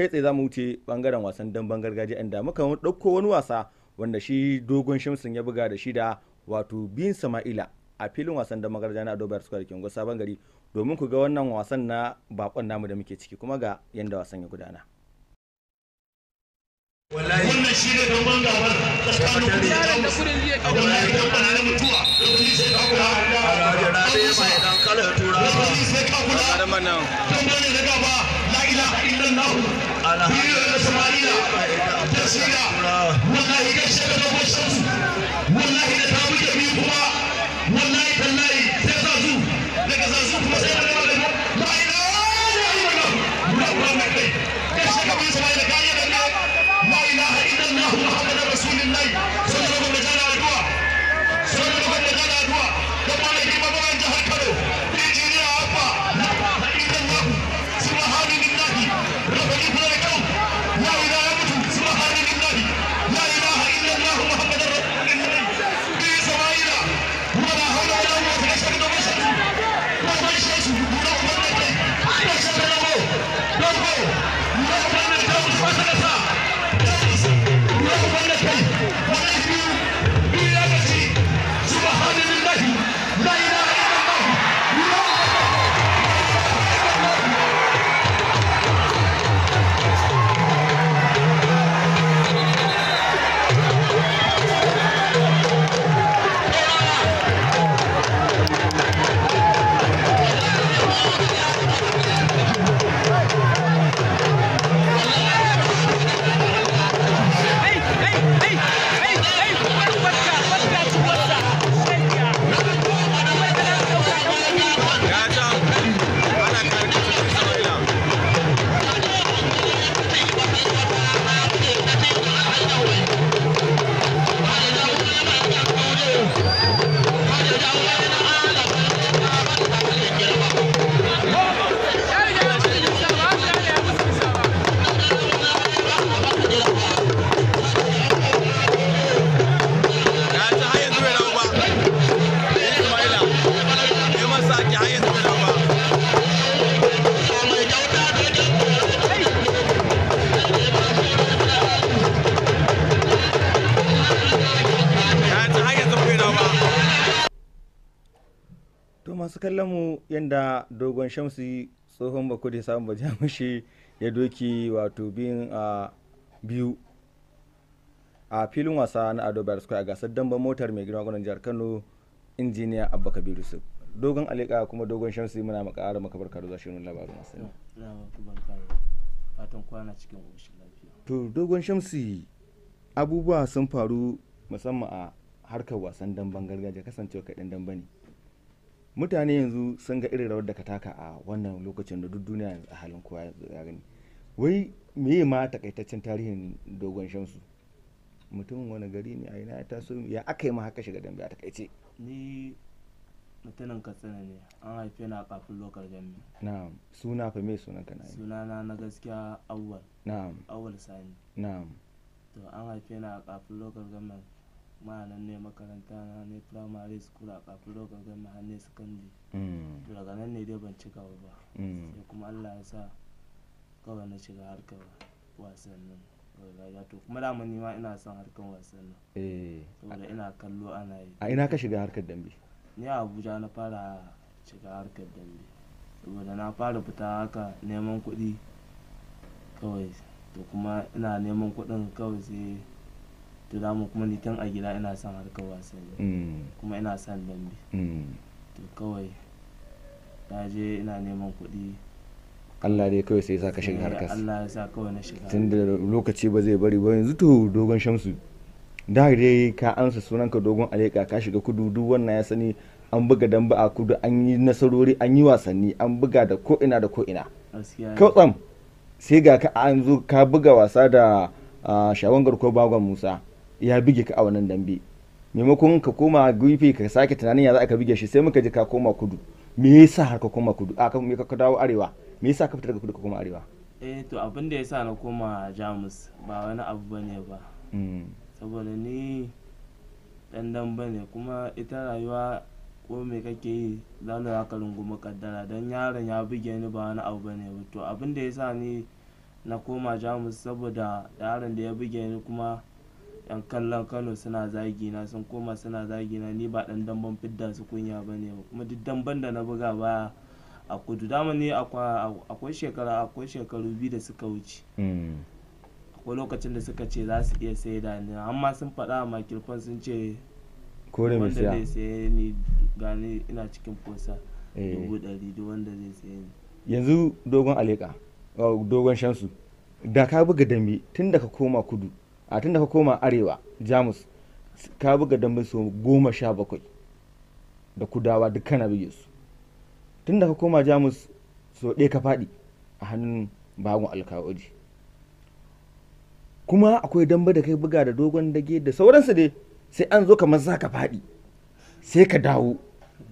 kai tsaye za mu wuce bangaren wasan damben gargajiya inda muka ɗauko wani wasa wanda shi dogon shamsin ya buga da shi da wato bin sama'ila a filin wasan damben gargajiya na adobar square kingo sabon gari domin ku ga wannan wasan na bakon namu da muke ciki kuma ga yadda wasan ya gudana. wannan shi ne don gangawar tsakanin kudi da wallahi don bana na mutuwa lokaci sai ka kula da rabe mai dan kala turawa lokaci sai ka kula da manan don bane na gaba ilaha illallah ala hayya samaria tasila wallahi kashfa wa shams wallahi la tabu bi yadda dogon shamsi tsohon bako da samun bajamushi ya doki wato biyun a biyu a filin wasa na ado bayar square a gasar damba motar mai girma gwamnan jihar kano injiniya abba kabiru su dogon alika kuma dogon shamsi muna makara makabar maka zashi nuna labarin wasu fatan masu cikin to dogon shamsi abubuwa sun faru musamman a harkar wasan damban gargajiya kasancewa kaɗan dan ne mutane yanzu sun ga irin rawar da ka taka a wannan lokacin da duk duniya a halin kowa ya gani wai meye ma takaitaccen tarihin dogon shamsu mutumin wani gari ne a ina ya taso ya aka yi ma haka shiga dambe a takaice ni mutumin katsina ne an haife na kafin lokar gami na'am suna fa me suna ka na suna na na gaskiya awwal na'am awwal sani na'am to an haife na kafin lokar gami ma ne makaranta na ne primary school a kafin roka gama har ne mm. to daga nan ne dai ban ci gaba ba mm. sai kuma allah ya sa kawai na shiga harkar wasannin gargajiya to kuma da ni ma ina son harkar wasannin eh. saboda ina kallo ana yi a ina ka shiga harkar dambe ni a abuja na fara shiga harkar dambe saboda na fara fita haka neman kuɗi kawai to kuma ina neman kuɗin kawai sai to mu kuma ni a gida ina son harkar wasanni mm. kuma ina son dambe mm. to kawai ta je ina neman kuɗi Allah dai kawai sai ya sa shiga harkar Allah ya sa kawai na shiga tun da lokaci ba zai bari ba yanzu to dogon shamsu da dai ka ansa sunanka dogon aleka ka shiga kudu duk wannan ya sani an buga damba a kudu an yi nasarori an yi wasanni an buga da ko ina da ko ina kautsam sai ga ka an zo ka buga wasa da ah, shawangar ko bagon musa ya bige ka a wannan dambe maimakon ka koma gefe ka sake tunanin ya za ka bige shi sai muka ji ka koma kudu me yasa har ka koma kudu a kan ka dawo arewa me yasa ka fita daga kudu ka koma arewa eh to abin da yasa na koma jamus ba wani abu bane ba hmm. saboda ni dan dan bane kuma ita rayuwa ko me kake yi za ka zaka makaddara. kaddara don yaron ya bige ni ba wani abu bane ba to abin da yasa ni na koma jamus saboda yaron da ya bige ni kuma yan kallon kano suna zagina sun koma suna zagina ni ba dan damban fidda su kunya ba ne kuma duk damban da na buga ba a kudu dama ne akwai shekara akwai shekaru biyu da suka wuce hmm. akwai lokacin da suka ce za su iya da ni amma sun faɗa a makilfan sun ce kore mai siya wanda zai saye ni gani ina cikin fosa eh. dubu ɗari duk wanda zai saye ni yanzu dogon aleka oh, dogon shansu da ka buga dambe tun da ka koma kudu a tun da ka koma arewa jamus ka buga dambe su goma sha bakwai da kudawa duk kana buge su tun da ka koma jamus so ɗaya ka faɗi a hannun bagon alkawoji kuma akwai dambe da kai buga da dogon dage da sauransu dai sai an zo kamar za ka faɗi sai ka dawo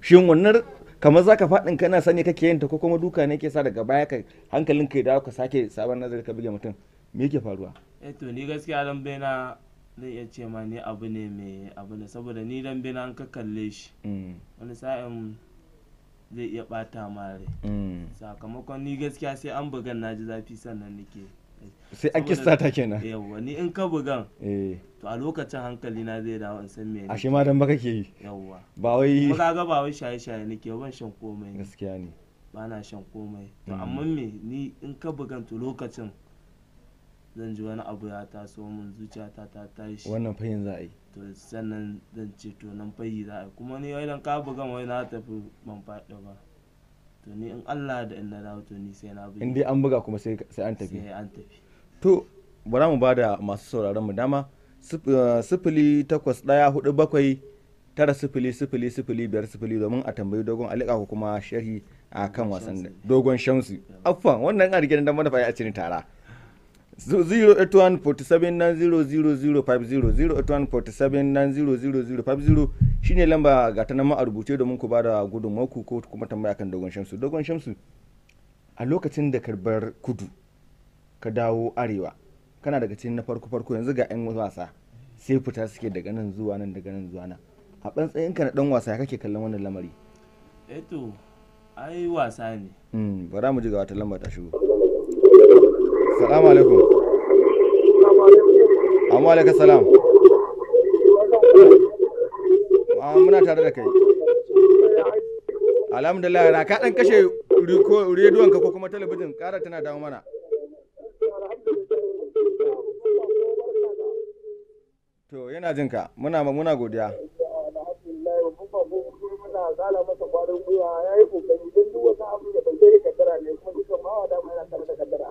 shin wannan kamar za ka faɗin kana sani kake yin ta ko kuma duka ne ke sa daga baya ka hankalin kai dawo ka sake sabon nazari ka buge mutum me yake faruwa eh to ni gaskiya dambe na zai iya ce ma ni abu ne mai abu ne saboda ni dambe na an ka kalle shi mm. wani sa'in zai iya bata ma rai mm. sakamakon ni gaskiya sai an bugan na ji zafi sannan nake sai an kista ta kenan yawwa ni in ka bugan eh. to a lokacin hankali na zai dawo in san me a shi ma dan baka ke yi yawwa ba wai ba ga ba wai shaye shaye nake ban shan komai gaskiya ne ba na shan komai to mm. amma me ni in ka bugan to lokacin zan ji wani abu ya taso mun zuciyata ta tashi wannan fayin za a yi to sannan zan ce to nan fayi za a yi kuma ni idan ka buga wai na tafi ban faɗi ba to ni in Allah da inna na to ni sai na buga in dai an buga kuma sai an tafi sai an tafi to bara mu bada masu sauraron mu dama eh, sifili takwas hudu bakwai tara biyar domin a tambayi dogon alika ko kuma sharhi a kan wasan dogon shamsu afwan wannan an rike da mana ya ce ni tara 08147900050 shine lamba ga ta nan a rubuce domin ku bada gudunmaku ko kuma tambaya kan dogon shamsu dogon shamsu a lokacin da karbar kudu ka dawo arewa kana daga cikin na farko farko yanzu ga yan wasa sai fita suke daga nan zuwa nan daga nan zuwa nan a tsayin ka na dan wasa ya kake kallon wannan lamari eto eh ai wasa ne hmm, bara mu ji ga wata lamba ta shigo salamu alaikum amma alaikum salam ah, muna tare da kai alhamdulillah na ka dan kashe rediyon ka ko kuma talabijin kara tana dawo mana to yana jin ka muna muna godiya Alhamdulillah, masa ya yi kokari don duk wata abu da ban yi kaddara ne kuma duka ma wa dama yana tare da kaddara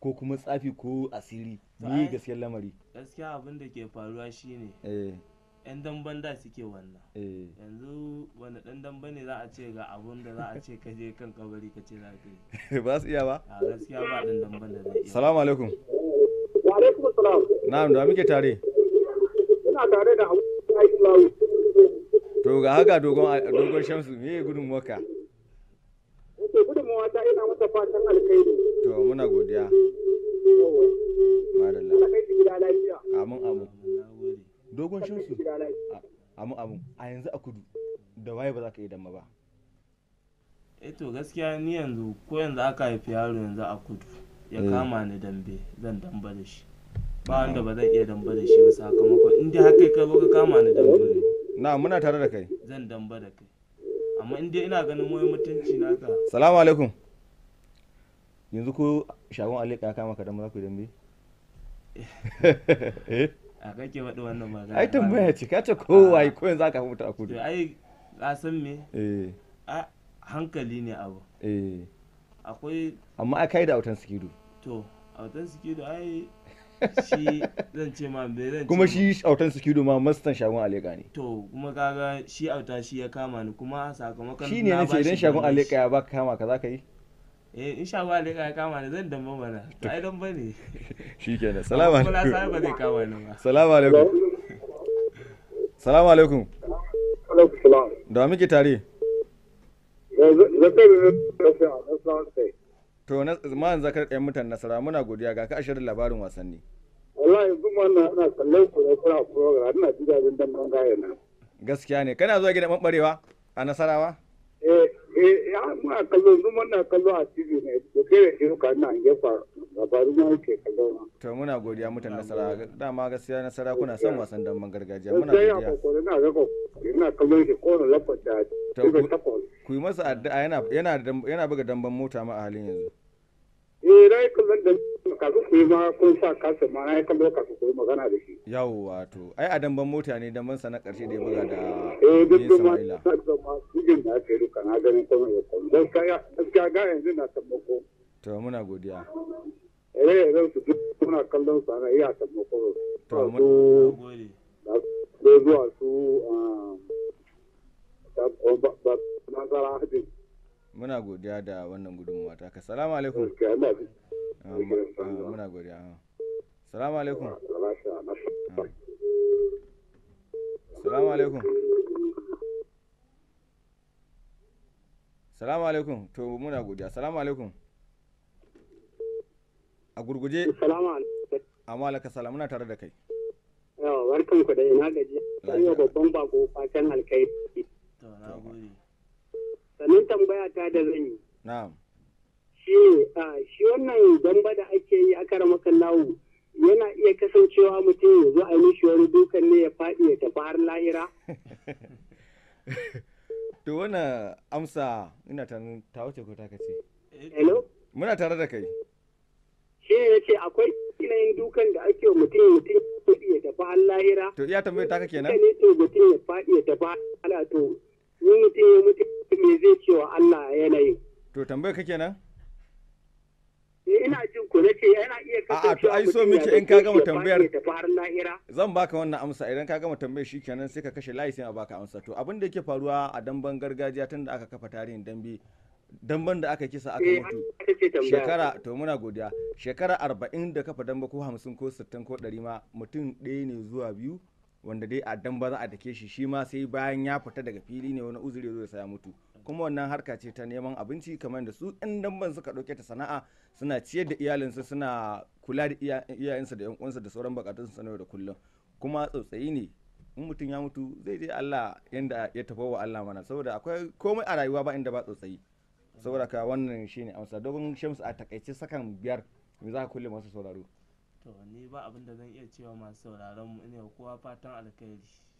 ko kuma tsafi ko asiri ni gaskiyar lamari gaskiya abin da ke faruwa shine eh. yan damban da suke wannan eh. yanzu wanda dan damba ne za a ce ga abun da za a ce ka je kan kabari ka ce za ka yi ba su iya ba a gaskiya ba dan damban da zai iya salamu alaikum wa alaikum salam na'am da muke tare ina tare da abu to ga haka dogon dogon shamsu me gudun waka gudunmawa ta ina masa fatan alkhairi to muna godiya madalla Allah kai gida lafiya amin amin dogon shinsu amin amin a yanzu a kudu da waye ba za ka yi damma ba eh to gaskiya ni yanzu ko yanzu aka haifi yaro yanzu a kudu ya eh. kama ni dambe zan damba da shi ba wanda ba zan iya damba da shi ba sakamakon in dai haka ka zo ka kama ni dambe na muna tare da kai zan damba da kai amma in dai ina ganin wani mutunci ka. salamu alaikum yanzu ko shagon alika ya kama kaɗan dan za ku dambe a kake faɗi wannan magana ai tambaya ce kace kowa ah. ko yanzu aka mutu a kudu ai a san me eh a hankali ne abu eh akwai amma a kai da autan sikido. to autan sikido ai shi zan ce ma bai zan kuma shi autan sikido ma mastan shagon aleka ne to kuma kaga shi auta shi ya kama ni kuma sakamakon shi ne nace idan shagon aleka ya baka kama ka zaka yi eh in shagon aleka ya kama ni zan damba mana ai dan bane shikenan salamu alaikum kuma ba kama ni salamu alaikum salamu alaikum alaikum da muke tare da sai a sai to man zakar ɗayan mutan nasara muna godiya ga ka ashirin labarin wasanni wallahi yanzu na ana kallon ku da kuna program ina ji dadin dan bangare na gaskiya ne kana zuwa gidan ɓanɓarewa a nasarawa eh eh ya muna kallo yanzu na kallo a tv ne da kere shi ka ina gefa labarin ma yake kallo na to muna godiya mutan nasara dama gaskiya nasara kuna son wasan dan gargajiya muna godiya ina ga ko ina kallon shi ko lafa da to ku yi masa addu'a yana yana buga damban mota ma a halin yanzu eh na yi kallon da kafin ku yi ma kun sa kasa ma na yi kallon kafin ku yi magana da shi yawwa to ai a damban mota ne damban sa na karshe da ya buga da eh duk da ma duk da aka yi duka na ganin kuma ya kwallo gaskiya gaskiya ga yanzu na tabbako to muna godiya eh ran su duk muna kallon su ana iya tabbako to mun gode da zuwa su a ba ba masara hadin muna godiya da wannan gudunmuwa ta ka salamu alaikum ah, ah, muna godiya ah. salamu alaikum salamu alaikum salamu alaikum to muna godiya salamu alaikum a gurguje amma malaka salamu na tare da kai yawon barkan ku da ina gaji yau babban bako fatan alkai sannan tambaya ta da zan yi shi shi wannan damba da ake yi a karamakan lawo yana iya kasancewa mutum ya zo a mishi wani dukan ne ya faɗi ya tafi har lahira to wannan amsa ina tanin ta wuce ko ta kace hello muna tare da kai shi ya ce akwai yanayin dukan da ake wa mutum mutum ya tafi har lahira to iya tambayar ta kake nan ne to mutum ya faɗi ya tafi har to ni mutum ya mutum me zai ce wa Allah yanayin. To tambayar kake nan? Eh, ina jin ku nace yana iya kasancewa. A'a to ai so miki in ka gama tambayar. Zan baka wannan amsa idan ka gama tambayar shikenan sai ka kashe layi sai a baka amsa. To abin da yake faruwa a damban gargajiya tun da aka kafa tarihin dambe damban da aka kisa aka eh, mutu shekara to muna godiya shekara arba'in da kafa damba ko hamsin ko sittin ko ɗari ma mutum ɗaya ne zuwa biyu wanda dai a dan ba za a dake shi shi ma sai bayan ya fita daga fili ne wani uzuri zai sa ya mutu kuma wannan harka ce ta neman abinci kamar da su ɗan damban suka ɗauke ta sana'a suna ciyar da iyalinsu suna kula da iyayensu da 'yan uwansu da sauran bukatunsu sanar da kullum kuma tsautsayi ne in mutum ya mutu zai je Allah yanda ya tafi wa Allah mana saboda akwai komai a rayuwa ba inda ba tsautsayi saboda ka wannan shine amsa dogon shamsu a takaice sakan biyar me za ka kulle masa sauraro to ni ba abin da zan iya cewa masu sauraron mu ina kowa fatan alkhairi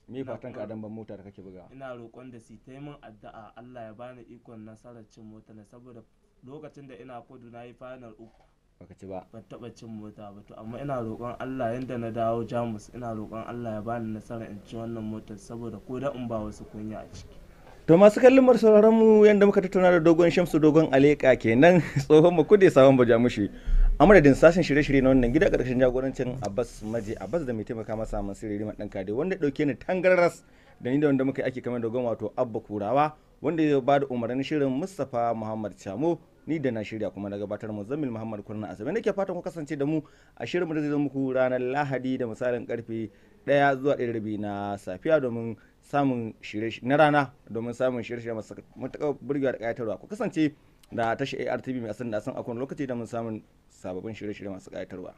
me fatan ka dan ban mota da kake buga ina roƙon da su ta min addu'a Allah ya bani ikon nasarar cin mota na saboda lokacin da ina kudu na yi final uku baka ci ba ban taba cin mota ba to amma ina roƙon Allah yanda na dawo Jamus ina roƙon Allah ya bani nasara in ci wannan mota saboda ko da in ba wasu kunya a ciki to masu kallon mar sauraron mu yanda muka tattauna da dogon Shamsu dogon Aleka kenan tsohon mu kude sawan bajamushi mushi a madadin sashen shirye-shirye na wannan gida ƙarshen jagorancin abbas maje abbas da mai taimaka masa mansiri rima ɗan kade wanda ɗauke ni tangaras da ni da wanda muka yi ake kamar dogon wato abba kurawa wanda ya ba da umarnin shirin mustapha muhammad chamo ni da na shirya kuma na gabatar mu zamil muhammad kurna asabe nake fatan ku kasance da mu a shirin da zai zo muku ranar lahadi da misalin karfe daya zuwa rabi na safiya domin samun shirye na rana domin samun shirye-shirye masu matuƙar burgewa da ƙayatarwa ku kasance da tashi artv mai asan da asan akwai lokaci da mun samun sababbin shirye-shirye masu ƙayatarwa